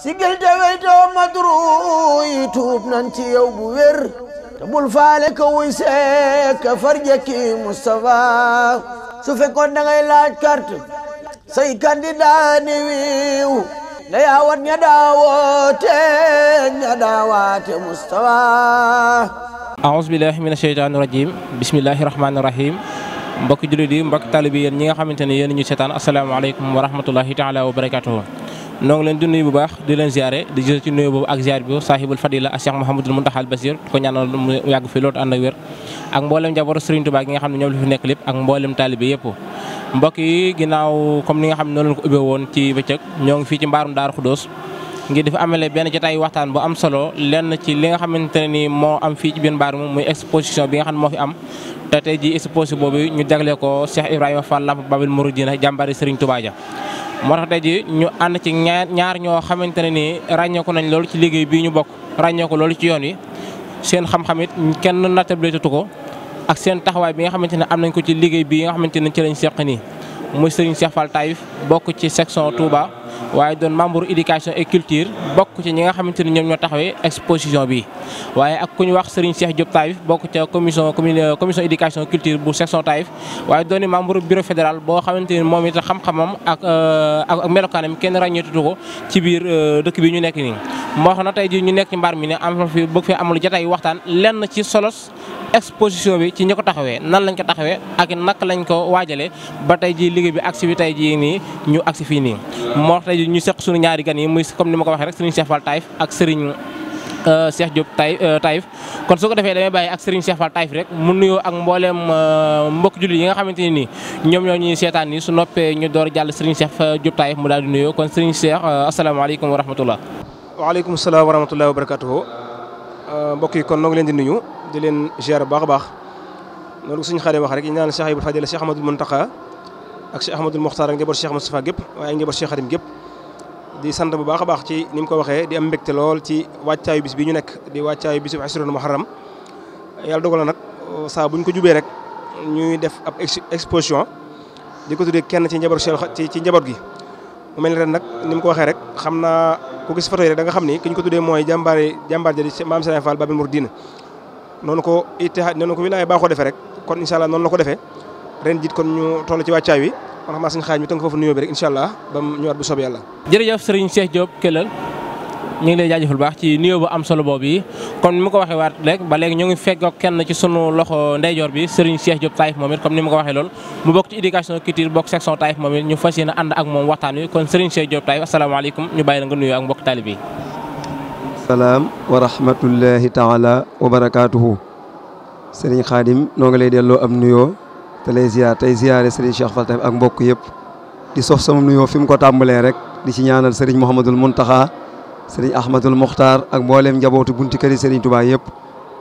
sigel teweytoo madru yi tuub nan ci yow bu wer te bul faale ka wuy see ka farje ki Moustapha su fekkoon da ngay laaj carte say candidat ni ya na nya dawote nya dawate mustafa Moustapha billahi minash shaitani rajim bismillahir rahmanir rahim mbok julidi mbok talibi yen ñi nga xamanteni yen ñu setan assalamu alaykum wa rahmatullahi taala wa barakatuh noo ngi leen di nuyu bu baax di leen ziare di gis ci nuyu boobu ak ziar bi saahibul fadila ak Cheikh Mouhamadul Mountakhal Basir ko ñaanal mu yàgg fi loolu ànd ak wér ak mboolem jabaru Serigne Touba gi nga xam ne ñoom la fi nekk lépp ak mboolem taalibe yëpp mbokk yi ginnaaw comme ni nga xam ne noonu lañ ko ubbee woon ci bëccëg ñoo ngi fii ci mbaarum Daaru Xudóos ngir dafa amale benn jotaay waxtaan bu am solo lenn ci li nga xamante ne ni moo am fii ci biir mbaar mi muy exposition bi nga xam ne moo fi am te tey ji exposition boobu ñu jagle ko Cheikh Ibrahima Fall Lamp Babil Mouridina jàmbari Serigne Touba ja moo tax tey ñu ànd ci ñaar ñaar ñoo xamante ne nii ràññeeku nañ loolu ci liggéey bii ñu bokk ràññeeku loolu ci yoon yi seen xam-xam it kenn nattableetatu ko ak seen taxawaay bi nga xamante ne am nañ ko ci liggéey bii nga xamante ne ci lañ seq nii muy Serigne Cheikh bokk ci section tuuba waaye doon membre éducation et culture bokk ci ñi nga xamante ni ñoom ñoo taxawee exposition bi waaye ak ku ñu wax Serigne Cheikh Diop Taïf bokk ca commission commission éducation culture bu section Taïf waaye doon membre bureau fédéral boo xamante ni moom it xam-xamam ak euh, melokaanam kenn ràññeetutu ko ci biir euh, dëkk bi ñu nekk nii. moo xam na tey jii ñu nekk ci mbaar mi ne am fi bëgg fee amul jataay waxtaan lenn ci solos exposition bi ci ñi ko taxawee nan lañ ko taxawee ak nak lañ ko waajalee ba tey jii liggéey bi agsi bi tey jii ñu agsi fii nii tey ñu seq suñu ñaari gan yi muy comme ni ma ko waxee rek sëriñ Cheikh Fall Taïf ak sëriñ euh, Cheikh Diop euh, Taïf kon su ko defee damay bàyyi ak sëriñ Cheikh Fall Taïf rek mu nuyoo ak mbooleem euh, mbokk julli yi nga xamante ne nii ñoom ñoo ñuy seetaan nii su noppee ñu door jàll sëriñ Cheikh Diop Taïf mu daal di nuyoo kon sëriñ seex asalaamaaleykum wa rahmatullah waaleykum salaam wa rahmatullah wa barakatuhu mbokk yi kon noo leen di nuyu di leen ziar bu baax a baax loolu suñu xaaree wax rek ñu naan Cheikh Ibou Fadil Cheikh Ahmadou Mountakha ak Cheikh Ahmadou Mokhtar ak njaboot Cheikh Moustapha waaye njaboot Cheikh Khadim di sant bu baax baax ci nim ko waxe di am mbekté lol ci waccay bis bi ñu nek di wàccaayu bisu asrul muharram yalla dogal nak sa saa buñ ko jubé rek ñuy def ab exposition di ko tuddee kenn ci njaboot ci ci njabar gi. mu melni ni ren nag ni ko waxe rek xamna ku gis photo yi rek da nga xamni kiñ ko tudé moy jambar jëri di maam Serigne Fall Babil mourdine non ko ittihaad non ko wilaya baaxoo def rek kon inshallah non la ko defé ren jit kon ñu tollu ci waccay wi kon xam naa sëñ xaaj mi tënk foofu nuyoo bi rek incha allah ba mu ñëwaat bu soobee yàlla. jërëjëf Cheikh Diop Kellel ñu lay jaajëfal baax ci nuyoo bu am solo boobu yi comme ni ma ko waxee waat rek ba léegi ñu ngi kenn ci sunu loxo ndeyjoor bi sëriñ Cheikh job Taïf moom it comme ni ma ko waxee loolu mu bokk ci éducation culture bokk section Taïf moom ñu ak kon sëriñ Cheikh taif Taïf asalaamaaleykum ñu bàyyi la nga nuyoo ak mbokk taalib yi wa rahmatullahi taala wa barakaatuhu sëriñ Xaadim noo ngi lay delloo am te lay ziar tey ziare Serigne Cheikh Fall Taïf ak mbokk yëpp di sof sama nuyoo fi ko tàmbalee rek di ci ñaanal Serigne Mouhamadul Mountakha Serigne Ahmadul Mokhtar ak mbooleem njabootu bunti këri Serigne Touba yëpp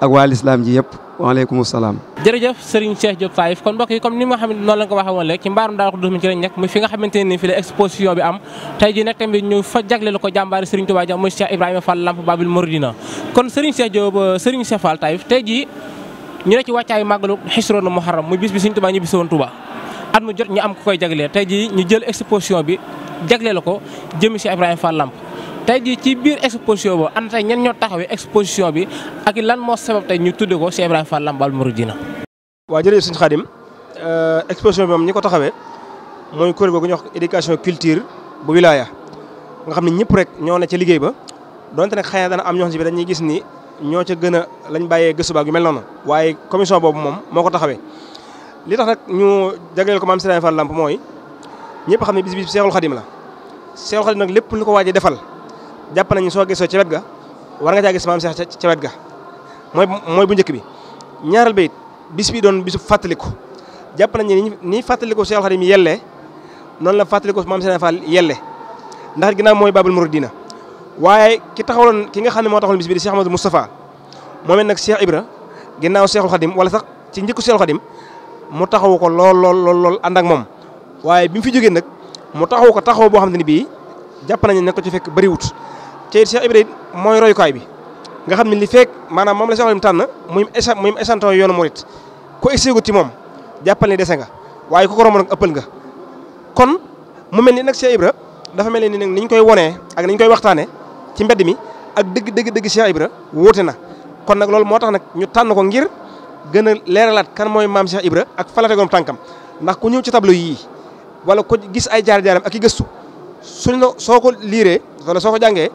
ak waa lislaam ji yëpp waaleykum salaam. jërëjëf Serigne Cheikh Diop Taïf kon mbokk yi comme ni nga xam ne noonu la nga ko waxee woon léegi ci mbaarum Daaru Xudoos mi ci lañ nekk muy fi nga xamante fi la exposition bi am tey jii nag tamit ñu fa jagleel ko jàmbaari Serigne Touba jam muy Cheikh Ibrahima Fall Lamp Babil Mouridina kon Serigne Cheikh Diop Serigne Cheikh Fall Taïf tey jii ñu ne ci wàccaayu màggalu xisroonu muharram muy bis bi suñ Tuubaa ñu bis woon Tuubaa at mu jot ñu am ku koy jagleel tey jii ñu jël exposition bi jagleel la ko jëmi si Ibrahima Fall Lamp tey ji ci biir exposition boobu ànd ñoo taxawee exposition bi ak lan moo sabab tey ñu tudde ko si Ibrahima Fall Lamp al Mouridina. waaw jërëjëf sëñ Xadim euh, exposition bi moom ñi ko taxawee mooy kuréel googu ñuy wax éducation culture bu wilaya nga xam ne ñëpp rek ñoo ne ca liggéey ba donte nag xëy na dana am ñoo xam si bi dañuy gis nii ñoo ca gën a lañ bàyyee gëstu baag yu mel noonu waaye commission boobu moom moo ko taxawee li tax nag ñu jagleel ko maam Serigne Fall Lamp mooy ñëpp xam ne bis bi la Seexul Xadim lépp lu ko waajee defal jàpp nañu soo gisoo ca wet ga war nga caa gis maam Seex ca ga mooy mooy bu njëkk bi ñaareel ba it bis bi doon bisu fàttaliku jàpp nañu ni fàttaliku Seexul Xadim yellee noonu la fàttaliku maam Serigne Fall yelle ndax ginnaaw mooy Babul Muridina waaye ki taxawaloon ki nga xam ne moo taxawal bis di Cheikh Amadou moomee nak Cheikh Ibra ginnaw Cheikhul Khadim wala sax ci ndiku Cheikhul Khadim mu taxaw ko lol lol lol and ak mom waye bimu fi joge nak mu taxaw ko taxaw bo xamni bi japp nañu ne ko ci fek bari wut Cheikh Ibra roy koy bi nga xamni li fek manam mom la Cheikh Khadim tan muy écha muy échantillon yoonu mourid ko exegut ti mom jappal ni dese nga waye ko ko romb nak eppal nga kon mu melni nak Cheikh Ibra dafa melni ni nag ni koy woné ak niñ koy waxtané ci mbedd mi ak deug deug deug Cheikh Ibra wóote na kon nag loolu moo tax nag ñu tànn ko ngir gën a leeralaat kan mooy maam Cheikh Ibra ak fa la tànkam ndax ku ñëw ci tableau yii wala ko gis ay jaar-jaaram ak i gëstu suñ la soo ko liiree wala soo ko jàngee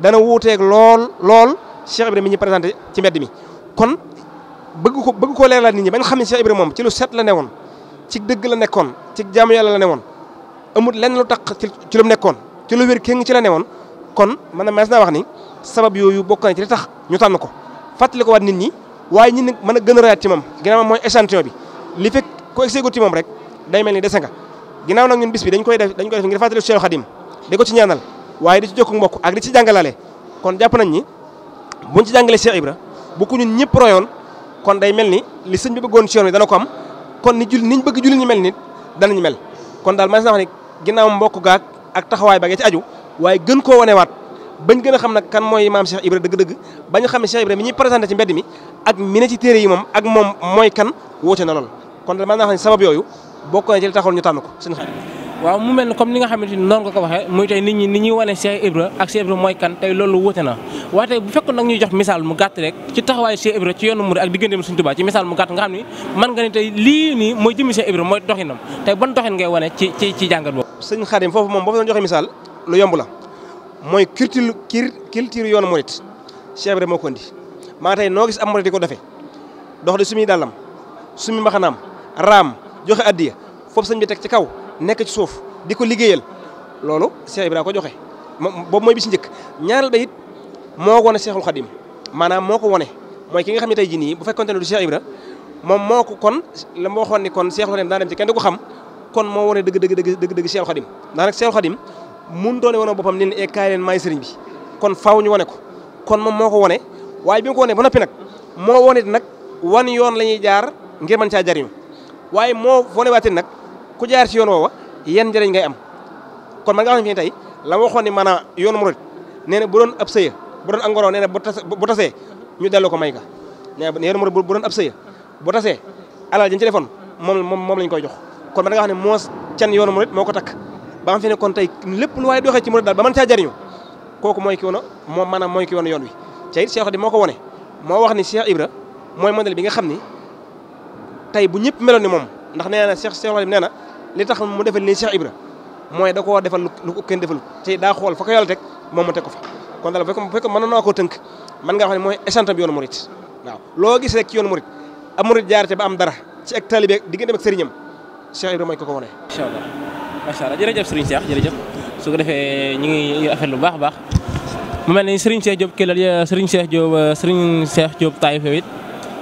dana wuuteeg lool lool Cheikh Ibra mi ñu présenté ci mbedd mi. kon bëgg ko bëgg koo leeralaat nit ñi bañ xam ne Cheikh Ibra moom ci lu set la newoon ci dëgg la nekkoon ci jaamu yàlla la newoon amul lenn lu tax ci lu nekkoon ci lu wér kéng ci la newoon kon man na mas naa wax ni sabab yooyu bokk ci li tax ñu tànn ko. fatale ko wat nit ñi waaye ñi mëna gëna raat gën a rayaat ci moom ginnaaw mooy échantillon bi li fek ko exégut ci moom rek day melni ni nga ginaaw nak ñun bis bi dañ koy def dañ koy def ngir fatale Cheikh Khadim de ko ci ñaanal waye di ci jokk mbokk ak di ci jàngalale kon japp nañ ni buñ ci jàngalee Cheikh Ibra bu ku ñun ñepp royon kon day melni li señ bi bëggoon ci yoon wi dana ko am kon ni jul niñ bëgg jul ñi melni dana ñu mel kon dal ma sax ni ginaaw mbokk gaak ak taxaway ba nga ci aju waye gën ko woné wat bañ gën a xam na kan mooy maam Cheikh Ibra xam ne Cheikh Ibra mi ñuy présenté ci mbedd ak mi ci téere yi moom ak moom mooy kan woote na lool kon mën naa xam ne sabab yooyu boo na ci li taxoon ñu tànn ko sëñ comme ni nga xamante ni noonu ni ñuy wane Cheikh Ibra ak Cheikh Ibra mooy kan tey loolu wute na waaye tey nag ñuy jox misaal mu gàtt rek ci taxawaayu Cheikh Ibra ci yoonu Mouride ak digganteem Sëriñ Tuubaa ci misaal mu gàtt nga xam ni man nga ni tey lii nii mooy jëmmi Cheikh Ibra mooy doxinam tey ban doxin ngay wane ci ci ci jàngat boobu sëñ Xaadim foofu moom boo fa doon joxe misaal lu yomb la mooy culture culture yoonu murit Cheikh Ibrahima moo ko indi maa tey noo gis am murit di ko defee dox di sumi dàllam sumi mbaxanaam raam joxe addiya foofu sañ bi teg ci kaw nekk ci suuf di ko liggéeyal loolu Cheikh Ibrahima ko joxe boobu mooy bi si njëkk ñaareel ba it moo wone Cheikhul Khadim maanaam moo ko wone mooy ki nga xam ne tey ji nii bu fekkonte ne du Cheikh Ibra moom moo ko kon la ma waxoon ni kon Cheikhul Khadim daa dem ci ko xam kon moo wone dëgg dëgg dëgg dëgg Cheikhul Khadim ndax nag Cheikhul Khadim mun doone wane boppam ne e eh, kaay leen maay sëriñ bi kon faaw ñu wane ko kon moom moo ko wane waaye bi mu ko wane ba noppi nag moo wane nag wan yoon la ñuy jaar ngir mën caa jariñu waaye moo wane waatee nag ku jaar ci yoon woowa yan njëriñ ngay am kon man xam ne tey la ma waxoon ne maanaam yoonu murit nee na bu doon ab sëya bu doon ak ngoro nee na bu tasee ñu delloo ko may ga nee na yoonu murit bu doon ab sëya bu tasee alal jën ci defoon moom moom lañ koy jox kon man nga xam ne can yoonu murit moo ko takk ba xam fi ne kon tay lepp lu way doxé ci mourid dal ba man ca jariñu koku moy ki wono mo manam moy ki wono yoon wi ca Cheikh di moko woné mo wax ni Cheikh Ibra moy modèle bi nga xamni tay bu ñepp meloni mom ndax neena Cheikh Cheikh Xadim neena li tax mu defal ni Cheikh Ibra moy da ko defal lu ko ken defal te da xol fa ko yàlla tek moom mu teg ko fa kon dal bu fekkoon man na ko teunk man nga xamni moy mooy échantillon bi yoonu murid waaw lo gis rek ci yoonu murid am mourid jaar ci ba am dara ci ak talibé digënde ak serignam Cheikh Ibra moy ko ko woné inshallah macha allah jërëjëf Serigne Cheikh jërëjëf su ko defee ñu ngi affaire lu baax a baax mu mel ni Serigne Cheikh Diop kii la Serigne Cheikh Diop Serigne Cheikh Diop Taïf it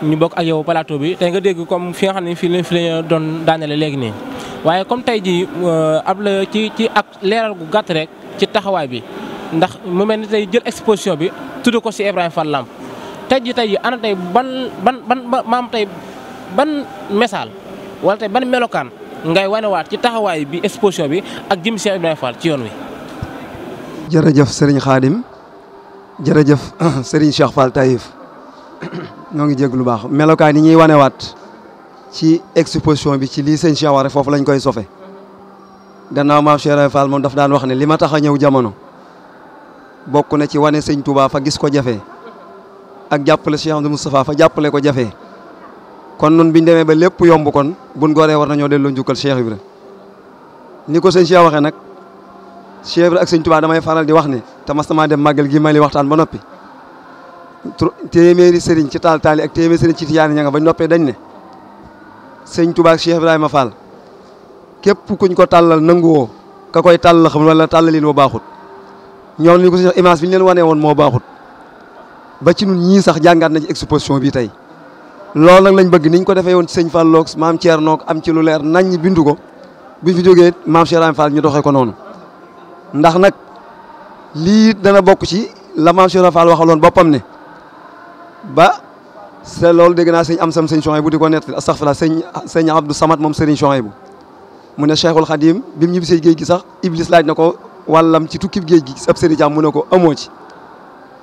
ñu bokk ak yow plateau bi tey nga dégg comme fi nga ne fii la fi la doon daanele léegi nii waaye comme tey ji euh, ab la ci ci ak leeral gu gàtt rek ci taxawaay bi ndax mu mel ni tey jël exposition bi tudd ko si Ibrahima Fall Lamp tey jii tey ana tey ban ban ban maam tey ban message wala tey ban melokaan. ngay wanewaat ci taxawaay bi exposition bi ak jëm Cheikh Ibrahima ci yoon wi. jërëjëf Serigne Khadim jërëjëf Serigne Cheikh Fall Taïf ñoo ngi jég lu baax melokaan yi ñuy waat ci exposition bi ci lii sëñ Cheikh waxe foofu lañ koy sofe gannaaw maam Cheikh Ibrahima moom daf daan wax ne li ma tax a ñëw jamono bokk na ci wane sëñ Touba fa gis ko jafe ak jàppale Cheikh Amadou Moustapha fa jàppale ko jafe. kon nun biñ demee ba lépp yomb kon buñ goree war nañoo delloo njukkal Cheikh Ibra ni ko sëñ Cheikh waxee nag Cheikh Ibra ak sëñ Touba damay faral di wax ni te mas namaa dem màggal gi mali waxtaan ba noppi téeméeri sëriñ ci taal ak téeméeri sëriñ ci tiyaani ña nga bañ noppee dañ ne sëñ Touba ak Cheikh Ibrahima Fall képp kuñ ko tàllal nanguwoo ka koy tàll xam wala tàllaliin woo baaxut ñoom ni ko sëñ image bi ñu leen wanee woon moo baaxut ba ci ñun ñii sax jàngaat na ci bi tey loolu nag lañ bëgg niñ ko defee woon sëñ Fall loog maam nook am ci lu leer nañ bindu ko bi fi jógee maam Cheikh Ibrahima Fall ñu doxee ko noonu ndax nag lii dana bokk ci la maam Cheikh Ibrahima Fall waxaloon boppam ne ba c'est loolu dégg naa sëñ am sam sëñ bu di ko nett astaghfirullah sëñ sëñ Abdou samat moom sëriñ Chouaïbou mu ne Cheikhul Khadim bi mu ñibbisee géej gi sax Iblis laaj na ko wàllam ci tukkib géej gi ab sëriñ jàmm mu ne ko amoo ci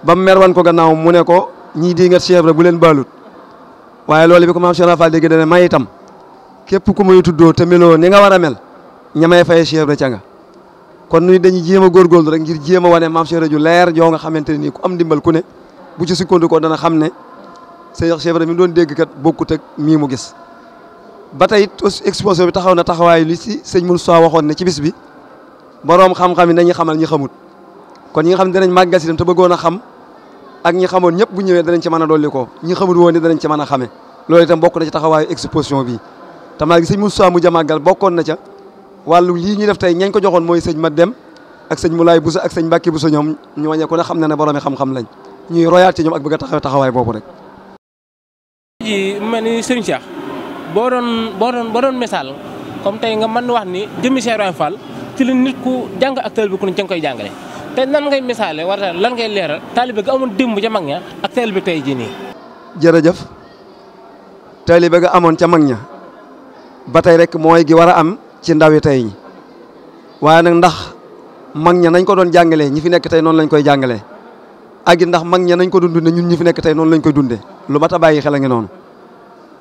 ba mu wan ko gannaaw mu ne ko ñii di nga Cheikh bu leen baalut waaye loolu bi ko maam Cheikh Ibra Fall dégg may itam képp ku muy tuddoo te meloo ni nga war a mel ña may faye Cheikh Ibra ca nga kon nu dañuy jéem a góorgóorlu rek ngir jéem a wane maam Cheikh Ibra ju leer joo nga xamante ne nii ku am ndimbal ku ne bu ci sukkandikoo dana xam ne Cheikh Ibra mi doon dégg kat bokkut ak mii mu gis. ba tey exposition bi taxaw na taxawaay li si sëñ Moussa waxoon ne ci bis bi boroom xam-xam yi nañu xamal ñi xamut kon ñi nga xam ne dinañ màggal si a xam ak ñi xamoon ñëpp bu ñëwee danañ ci mën a dolli ko ñi xamul woon ni danañ ci mën a xame loolu itam bokk na ci taxawaayu exposition bi te maa ngi sëñ Moussa mu jamaagal bokkoon na ca wàllu lii ñuy def tey ñañ ko joxoon mooy sëñ ma dem ak sëñ mu Moulay Bousso ak sëñ Mbacke Bousso ñoom ñu wàññee ko ne xam na ne boromi xam-xam lañ ñuy royaat ci ñoom ak bëgg a taxaw taxawaay boobu rek mel ni sëriñ Cheikh boo doon boo doon boo doon misaal comme tey nga mën wax ni jëmmi Cheikh Ibrahima Fall ci la nit ku jàng acteur bi koy jàngale te nan ngay misaale war lan ngay leeral taalibe ga amoon démb ca mag ña ak taalibe tey jii nii. jërëjëf taalibe ga amoon ca mag ña ba tey rek mooy gi war a am ci ndawi tey ñi nag ndax mag ña nañ ko doon jàngalee ñi fi nekk tey noonu lañ koy jàngalee ak ndax mag ña nañ ko doon dundee ñun ñi fi nekk tey noonu lañ koy dundee lu mat a bàyyi xel a noonu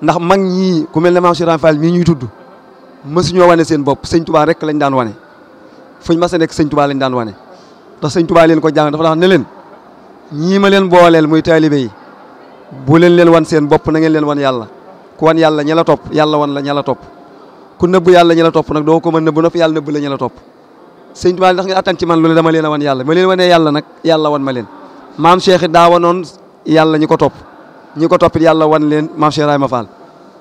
ndax mag ñii ku mel ne Maam Cheikh Fall mii ñuy tudd wa wane seen bopp sëñ Tuubaa rek lañ daan wane fuñ mas a nekk sëñ Tuubaa lañ daan wane. ndax sëñ Tuubaa leen ko jàng dafa tax ne leen ñii ma leen booleel muy taalibe yi bu leen leen wan seen bopp na ngeen leen wan yàlla ku wan yàlla ña la topp yàlla wan la ña la topp ku nëbb yàlla ña la topp nag doo ko mën nëbb noppi yàlla nëbb la ña la topp sëñ Tuubaa ndax nga attan ci man loolu dama leen wan yàlla ma leen wanee yàlla nag yàlla wan ma leen maam Cheikh daa wanoon yàlla ñi ko topp ñi ko toppit yàlla wan leen maam Cheikh Ibrahima Fall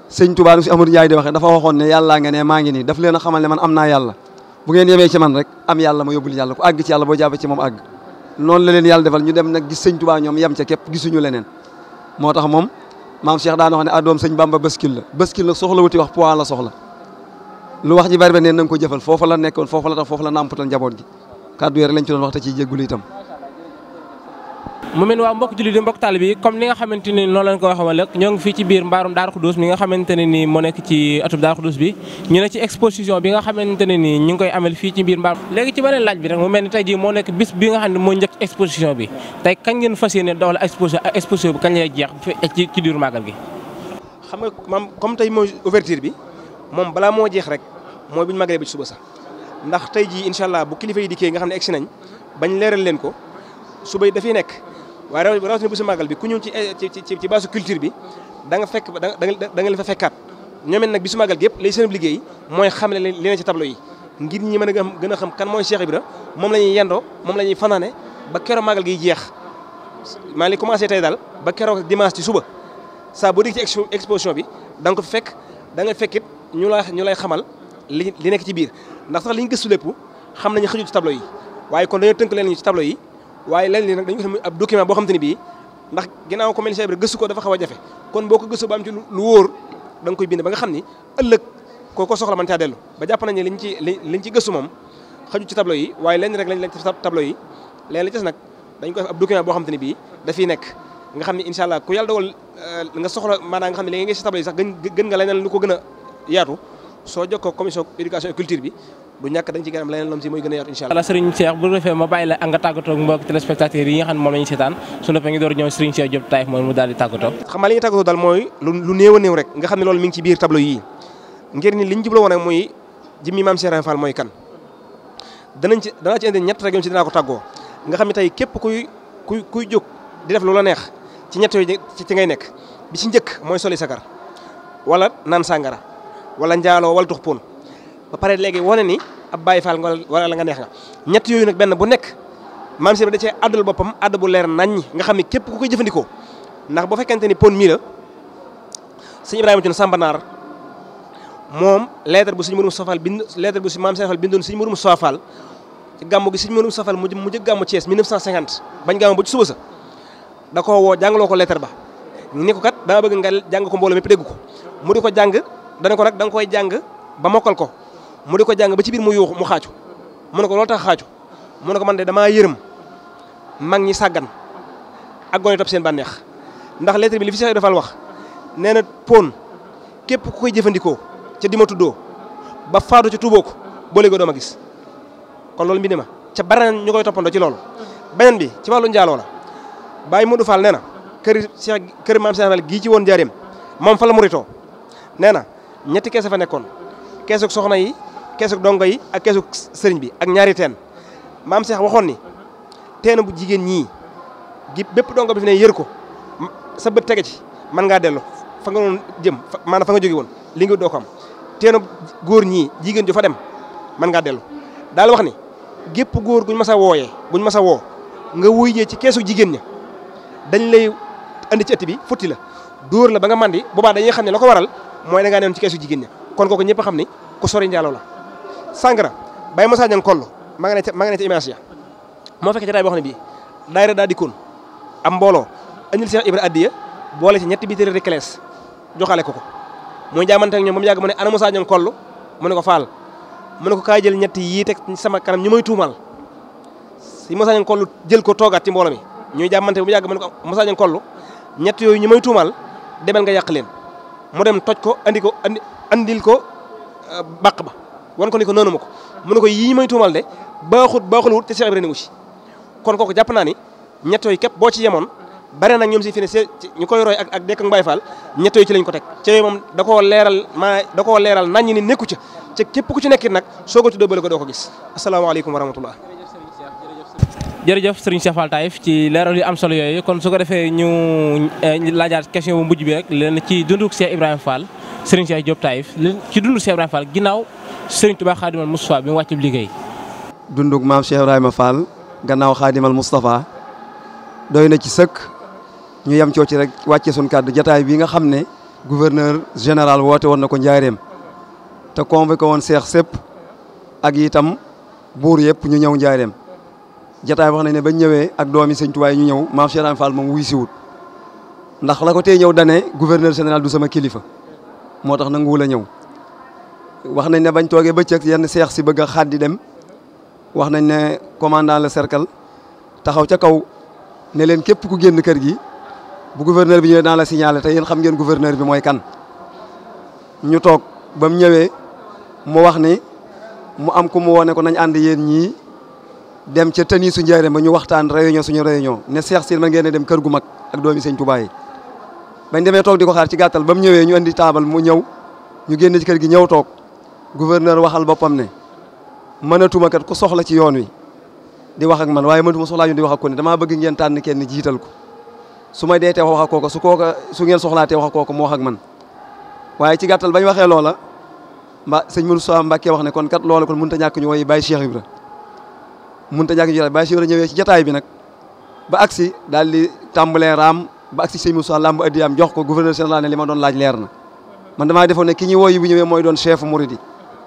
sëñ Tuubaa si Amadou Ndiaye di waxee dafa waxoon ne yàllaa nga ne maa ngi nii daf leen a xamal ne man am naa yàlla bu ngeen yemee ci man rek am yàlla ma yóbbul yàlla ku àgg ci yàlla boo jàppee ci moom àgg noonu la leen yàlla defal ñu dem nag gis sëñ tubaa ñoom yem ca képp gisuñu leneen moo tax moom maam Cheikh daana wax ne adoom sëñ bamba bëskil la bëskil nag soxla wuti wax poids la soxla lu wax ji bari ba neen na nga ko jafal foofa la nekkoon foofu la tax foofu la nàmputal njaboot gi kàddu yar lañ ci doon wax te ciy jéggulu itam mu mel waaw mbokk jullit di mbokk taalibe yi comme ni nga xamante ni noonu lañ ko waxee woon rek ñoo ngi fii ci biir mbaarum Daaru Xudoos mi nga xamante ne nii nekk ci atub Daaru Xudoos bi ñu ne ci exposition bi nga xamante ne nii ñu ngi koy amel fii ci biir mbaarum léegi ci beneen laaj bi rek mu mel ni tey jii moo nekk bis bi nga xam ne moo njëkk exposition bi tey kañ ngeen fas yéene dawal exposition bi kañ lay jeex ci ci biir gi xam nga maam comme tey mooy ouverture bi moom balaa moo jeex rek mooy bu ñu màggalee suba sax ndax tey jii incha allah bu kilifa yi dikkee nga xam ne egsi nañ bañ leeral leen ko subay dafay nekk waaye rawatina bisu màggal bi ku ñëw ci eh, ci ci baasu culture bi da nga fekk da nga da nga leen fa fekkaat ñoom it nag bisu màggal gi yëpp lay seen liggéey mooy xamle li ne ci tableau yi ngir ñi mën a gën xam kan mooy Cheikh Ibra moom la ñuy yendoo moom la ñuy fanaane ba keroog màggal gi jeex maa li commencé tey daal ba keroog dimanche ci suba saa boo dégg ci exposition bi da nga ko fekk da nga fekkit ñu la ñu lay xamal li li nekk ci biir ndax sax li ñu gëstu lépp xam nañu xëjul ci tableau yi waaye kon dañoo tënk leen ñu ci tableau yi waaye lenn li nag dañu ko xam ab document boo xam te ne bii ndax ginnaaw ko mel ni gëstu ko dafa xaw a jafe kon boo ko gëstu ba am ci lu wóor da nga koy ba nga xam ni ëllëg koo ko soxla mën caa dellu ba jàpp nañ ne liñ ci liñ ci gëstu moom xaju ci tableau yi waaye lenn rek lañ lañ ci tableau yi leen la ci nag dañ ko def ab document boo xam te ne bii dafiy nekk nga xam ne incha allah ku yàlla dogal euh, nga soxla maanaam nga xam ne léegi nga gis tableau yi sax gën gën nga leneen lu ko gën a yaatu soo jokkoo commission éducation et culture bi bu ñak dañ ci gën leneen lom si mooy gën a yor incha allah Serigne Cheikh bu defee ma bayila la nga tàggatoo mbokk téléspectateurs yi nga xam mom lañu sétane suñu fa su ngi door ñew Serigne Cheikh Diop tayf moy mu dal di tàggatoo xam li ñu tàggatoo daal mooy lu neew neew rek nga xam ni loolu mi ngi ci biir tableau yi ngir ni liñ jubloo won ak moy jimi maam Cheikh rafal moy kan dañ ci danaa ci indi ñet rek ñu ci dina ko taggo nga xam ni tay képp kuy kuy kuy juk di def lu la neex ci ñet yu ci ngay nekk bi ci ñëk moy soli sagar wala nan sangara wala njaaloo wala tux ba pare léegi wane ni ab Baye Fall nga la nga neex nga ñett yooyu nag benn bu nekk maam si da cee àddul boppam àdd bu leer naññ nga xam ni képp ku koy jëfandikoo ndax bu fekkente ni pon mii la sëñ Ibrahima Thioune Sambanaar moom lettre bu sëñ Sofal bind lettre bu si maam Cheikh Fall bindoon sëñ Mourou Sofal ci gàmmu gi sëñ Mourou Sofal mu mujj gàmmu Thiès 1950 bañ gàmmu ba ci suba sa da koo woo jàngaloo ko lettre ba ni ko kat dama bëgg nga jàng ko mbooloo mépp dégg ko mu di ko jàng dana ko rek da nga koy jàng ba mokkal ko mu di ko jàng ba ci biir mu yuux mu xaaju mu ne ko loolu tax xaaju mu ne ko man de damaa yërëm mag ñi sàggan ak gone topp seen bànneex ndax lettre bi li fi Cheikh dafal wax nee na pon képp ku koy jëfandikoo ca di ma tuddoo ba faatu ca tuuboo ko boo léegi doo ma gis kon loolu mbind ma ca bari ñu koy toppandoo ci loolu. beneen bi ci wàllu njaaloo la Baye Modou Fall nee na kër Cheikh gii ci woon njaareem moom fa la muritoo nee na ñetti kees fa nekkoon keesu soxna yi. keesug dongo yi ak keesug sëriñ bi ak ñaari teen maam Cheikh waxoon ni teen bu jigéen ñii gi bépp dongo bi fi ne yër ko sa bët tege ci man ngaa jigen fa nga doon jëm maanaam fa nga jóge woon li nga doo ko am teenu góor ñii ju fa dem mën wax ni nga ci dañ lay andi ci ëtt bi futti la dóor la ba nga mandi boobaa dañuy xam ne la ko waral mooy da ngaa newoon ci keesu jigéen ña kon kooku ni ku sori njaalo la sangra bay massa ñang kollo ma nga ne ma nga ne image ya mo fekk ci ray bo bi daayra da di kun am mbolo andil cheikh ibrahim adiya bolé ci ñetti biteri reclès joxale ko ko mo jamanté ak ñom bam yag mo ne ana moussa ñang kollo mo ne ko faal mo ne ko ka jël ñetti yi tek sama kanam ñumay tumal si musa ñang kollo jël ko togat ci mbolo mi ñu jamanté bu yag mo ne ko moussa ñang kollo ñett yoy ñumay tumal demel nga yak leen mu dem toj ko andi ko andil ko euh, baq wan ko ni ko noonu ma ko mu ko yii may tuumal de baaxut baaxul wut te Cheikh Ibrahima ci kon kooku jàpp naa ni ñett yooyu boo ci yemoon bare nag ñoom si fi ne ñu koy roy ak ak dekk Baye Fall ñett ci lañ ko teg ca yooyu moom da koo leeral maa da koo leeral naññi ni nekku ca ca képp ku ci nekkit nag soo ko tuddee bële ko ko gis asalaamaaleykum wa jërëjëf Serigne Cheikh Fall ci leeral yu am solo yooyu kon su ko defee ñu eh, laajaat question bu mujj bi rek leen ci dunduk Cheikh Ibrahima Fall Serigne Cheikh Diop Taïf ci dunduk Cheikh ginnaaw Serigne Touba Xaadimal Moustapha bi mu wàccub liggéey. dundug maam Cheikh Ibrahima Fall gannaaw Xaadimal Moustapha doy na ci sëkk ñu yem coo ci rek wàcce suñ kàddu jataay bii nga xam ne gouverneur général woote woon na ko njaareem te convoqué woon seex sëpp ak itam buur yëpp ñu ñëw njaareem jataay wax nañ ne bañ ñëwee ak doomi sëñ Tuubaa ñu ñëw maam Cheikh Ibrahima Fall moom wuy siwut ndax la ko te ñëw dane gouverneur général du sama kilifa moo tax nanguwul a ñëw wax nañ ne bañ toogee bëccëg yenn cheikh si bëgg a dem wax nañ ne commandant le cercle taxaw ca kaw ne len képp ku génn kër gi bu gouverneur bi ñëw dans la signaler tay yeen xam ngeen gouverneur bi moy kan. ñu tok bam ñëwé mu wax ni mu am ku mu woné ko nañ and yeen ñi dem ci tani su ma ba ñu waxtaan réunion suñu réunion ne cheikh sil ma ngeen dem kër gu mag ak doomi seigne touba yi bañ démé tok di ko xaar ci gattal bam ñëwé ñu andi table mu ñëw ñu génn ci kër gi ñëw tok gouverneur waxal boppam ne mënatuma kat ku soxla ci yoon wi di wax ak man waaye mënatuma soxlaa ñu di wax ak ko ne damaa bëgg ngeen tànn kenn jiital ko su ma dee te wax ak kooka su kooka su ngeen soxlaatee wax ak kooka mu wax ak man waaye ci gàttal bañ waxee loola mba sëñ Moussa Mbacke wax ne kon kat loola kon mënut a ñàkk ñu wooyi Baye Cheikh Ibra mënut a ñàkk ñu Baye ñëwee ci jataay bi nag ba agsi daal di tàmbalee raam ba agsi sëñ Moussa làmb jox ko gouverneur général ne li ma doon laaj leer na man damaa defoon ne ki ñuy wooyi bu ñëwee mooy doon chef Mouride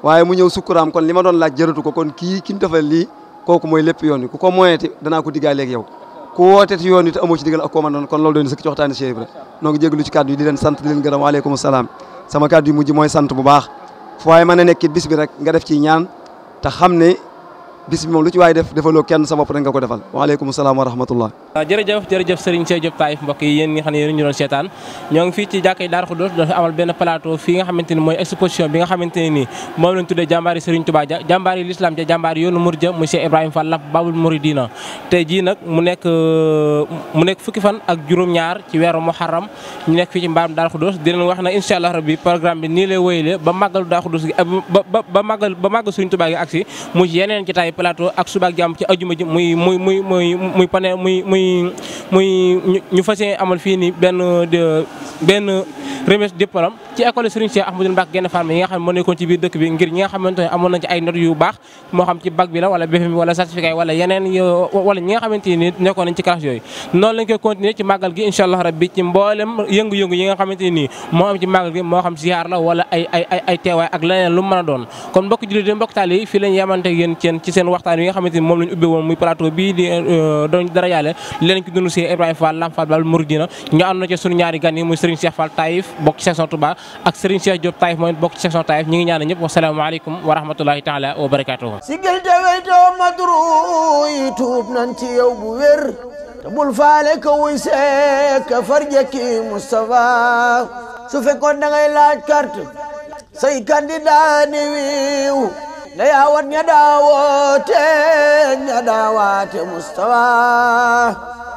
waaye mu ñëw sukkuraam kon li ma doon laaj jëratu ko kon kii ki ñu defal lii kooku mooy lépp yoon wi ku ko moyeti danaa ko diggaaleeg yow ku wooteti yoon wi te amoo ci digal ak koo kon loolu doon sëkk ci waxtaani Cheikh Ibra noo ngi jégalu di leen sant di leen gërëm waaleykum salaam sama kàddu yi mujj mooy sant bu baax fu waaye mën a nekk bis bi rek nga def ci ñaan ta xam ne bis lu ci waaye def defaloo kenn sa bopp nga ko defal waaleykum salaam wa rahmatullah jërëjëf jërëjëf Serigne Cheikh Diop Taïf mbokk yi yéen xam ne yéen ñu doon seetaan ñoo ngi fii ci jàkkay Daaru Xudoos dafa amal benn plateau fii nga xamante ni moom lañ tuddee jàmbaari Serigne Touba ja jàmbaari l'islam ja jàmbaari yoonu murid ja monsieur Ibrahima Fall Lamp Babul Mouridina tey jii nag mu nekk mu nekk fukki fan ak juróom-ñaar ci weeru Muharram ñu nekk fii ci mbaaram Daaru ba màggalu Daaru ba màggal ba plateau ak suba ak jàmm ci ajuma ji muy muy muy muy muy pane muy muy muy ñu fas yéene amal fii nii benn benn remise diplôme ci école Serigne Cheikh Ahmadou Mbacke genn fànn yi nga xam ne moo nekkoon ci biir dëkk bi ngir ñi nga xamante ne amoon nañ ci ay notes yu baax moo xam ci bac bi la wala BFEM bi wala certificat yi wala yeneen wala ñi nga xamante ni nekkoon nañ ci classe yooyu noonu lañ koy continuer ci màggal gi incha allah rabbi ci mboolem yëngu-yëngu yi nga xamante ni moo am ci màggal gi moo xam ziar la wala ay ay ay teewaay ak leneen lu mën a doon kon mbokk jullit yi mbokk taal yi fii lañ yamante yéen ci seen seen waxtaan yi nga xamanteni mom lañu ubbe won muy plateau bi di euh, doñ dara yàlla leen ki dunu ci Ibrahim Fall Lam Fall Bal Mouridina ñu ànd na ci suñu ñaari gan yi muy Serigne Cheikh Fall Taif bok ci section Touba ak Serigne Cheikh Diop Taif mooy bok ci section Taif ñi ngi ñaan ñep assalamu alaykum wa rahmatullahi taala wa barakaatuhu sigil te weytoo madru youtube nan ci yow bu wer te bul faale ko wuy se ka farje ki mustafa su fekkoon da ngay laaj carte say candidat ni wiiw na yawon ya dawo te ya dawa te mustawa